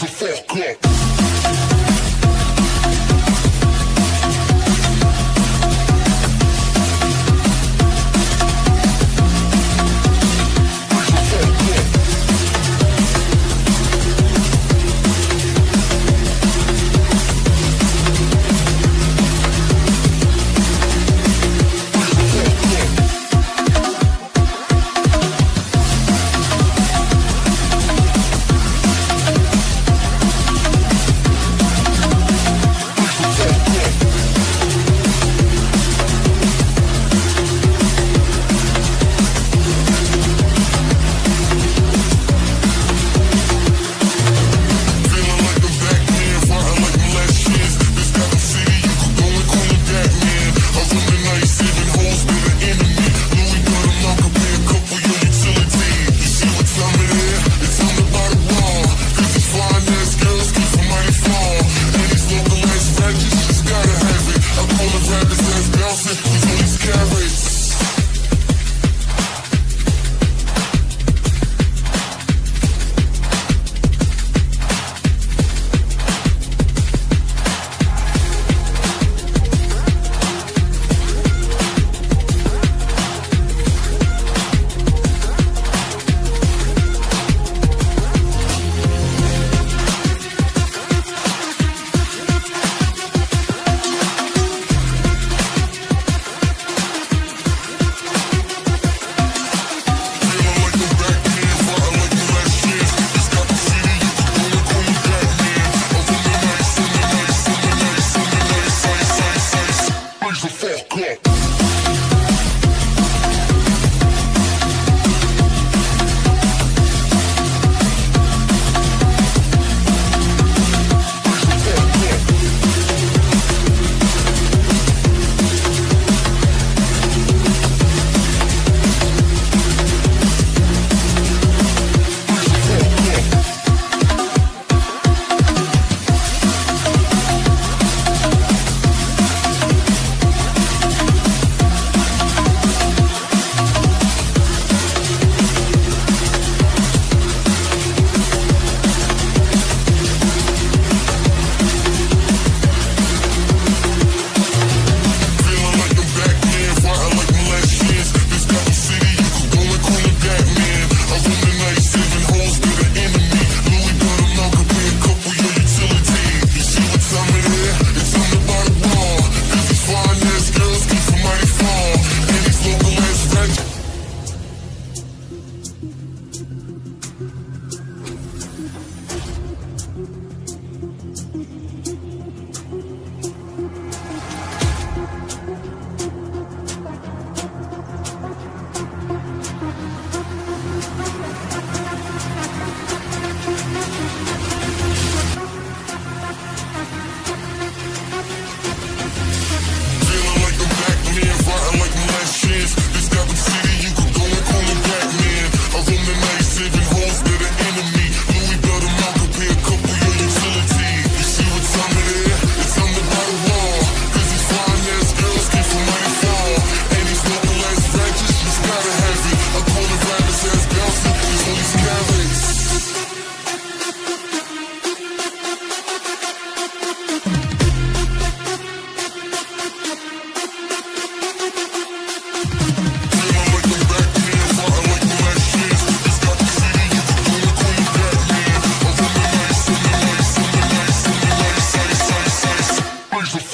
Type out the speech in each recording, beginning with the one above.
the fuck up.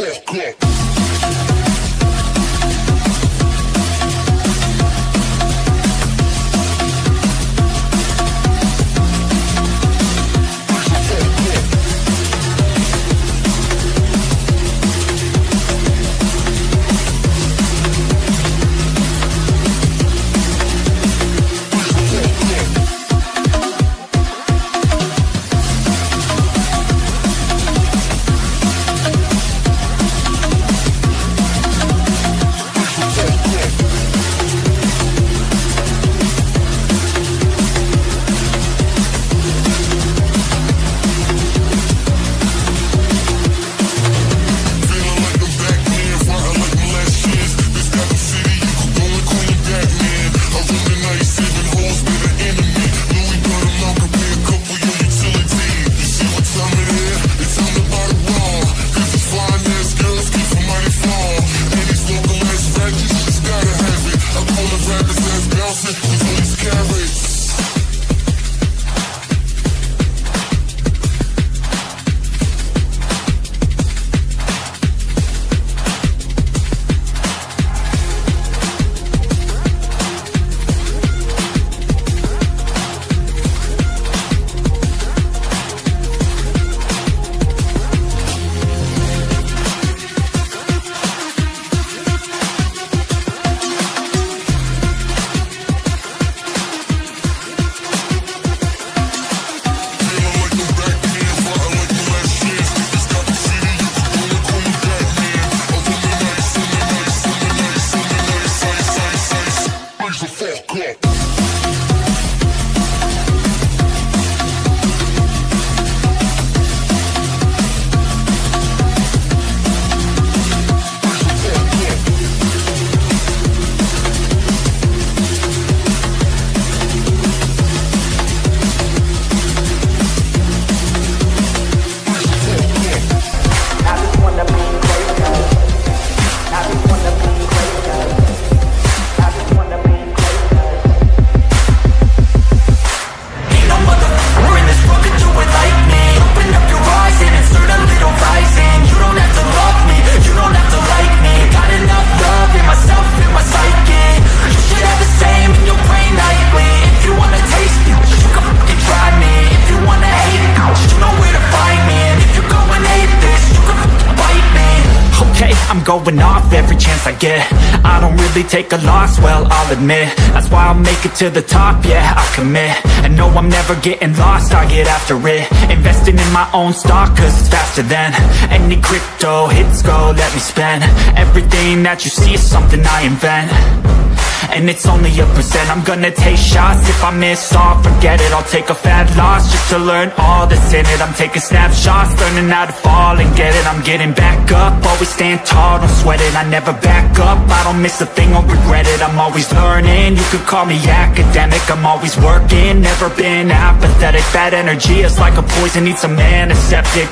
go, go. Yeah. going off every chance I get I don't really take a loss, well, I'll admit That's why I make it to the top, yeah, I commit And know I'm never getting lost, I get after it Investing in my own stock, cause it's faster than Any crypto hits go, let me spend Everything that you see is something I invent and it's only a percent I'm gonna take shots, if I miss all, forget it I'll take a fat loss just to learn all that's in it I'm taking snapshots, learning how to fall and get it I'm getting back up, always stand tall, don't sweat it I never back up, I don't miss a thing, I'll regret it I'm always learning, you could call me academic I'm always working, never been apathetic Bad energy is like a poison, needs a man, a septic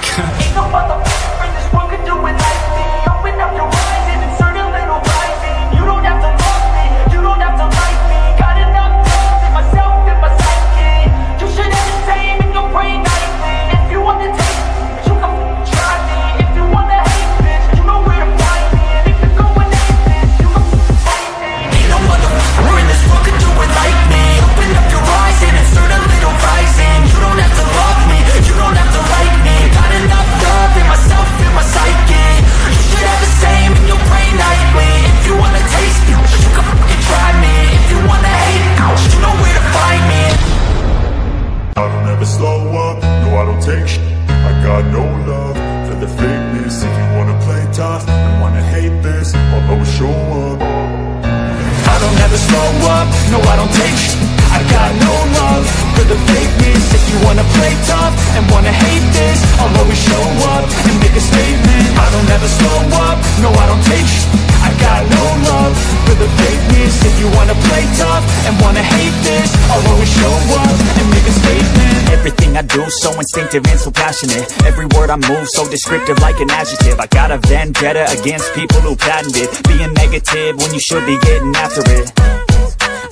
I don't ever slow up, no I don't take sh I got no love for the fakeness If you wanna play tough and wanna hate this I'll always show up I don't ever slow up, no I don't take sh I got no love for the fakeness If you wanna play tough and wanna hate this I'll always show up and make a everything I do so instinctive and so passionate Every word I move so descriptive like an adjective I got a vendetta against people who patented Being negative when you should be getting after it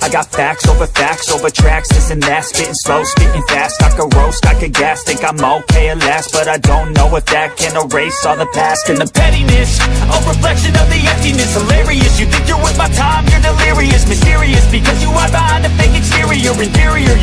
I got facts over facts over tracks, this and that Spitting slow, spitting fast, I could roast, I could gas Think I'm okay at last, but I don't know if that can erase all the past And the pettiness, a reflection of the emptiness Hilarious, you think you're worth my time, you're delirious Mysterious, because you are behind a fake exterior Inferior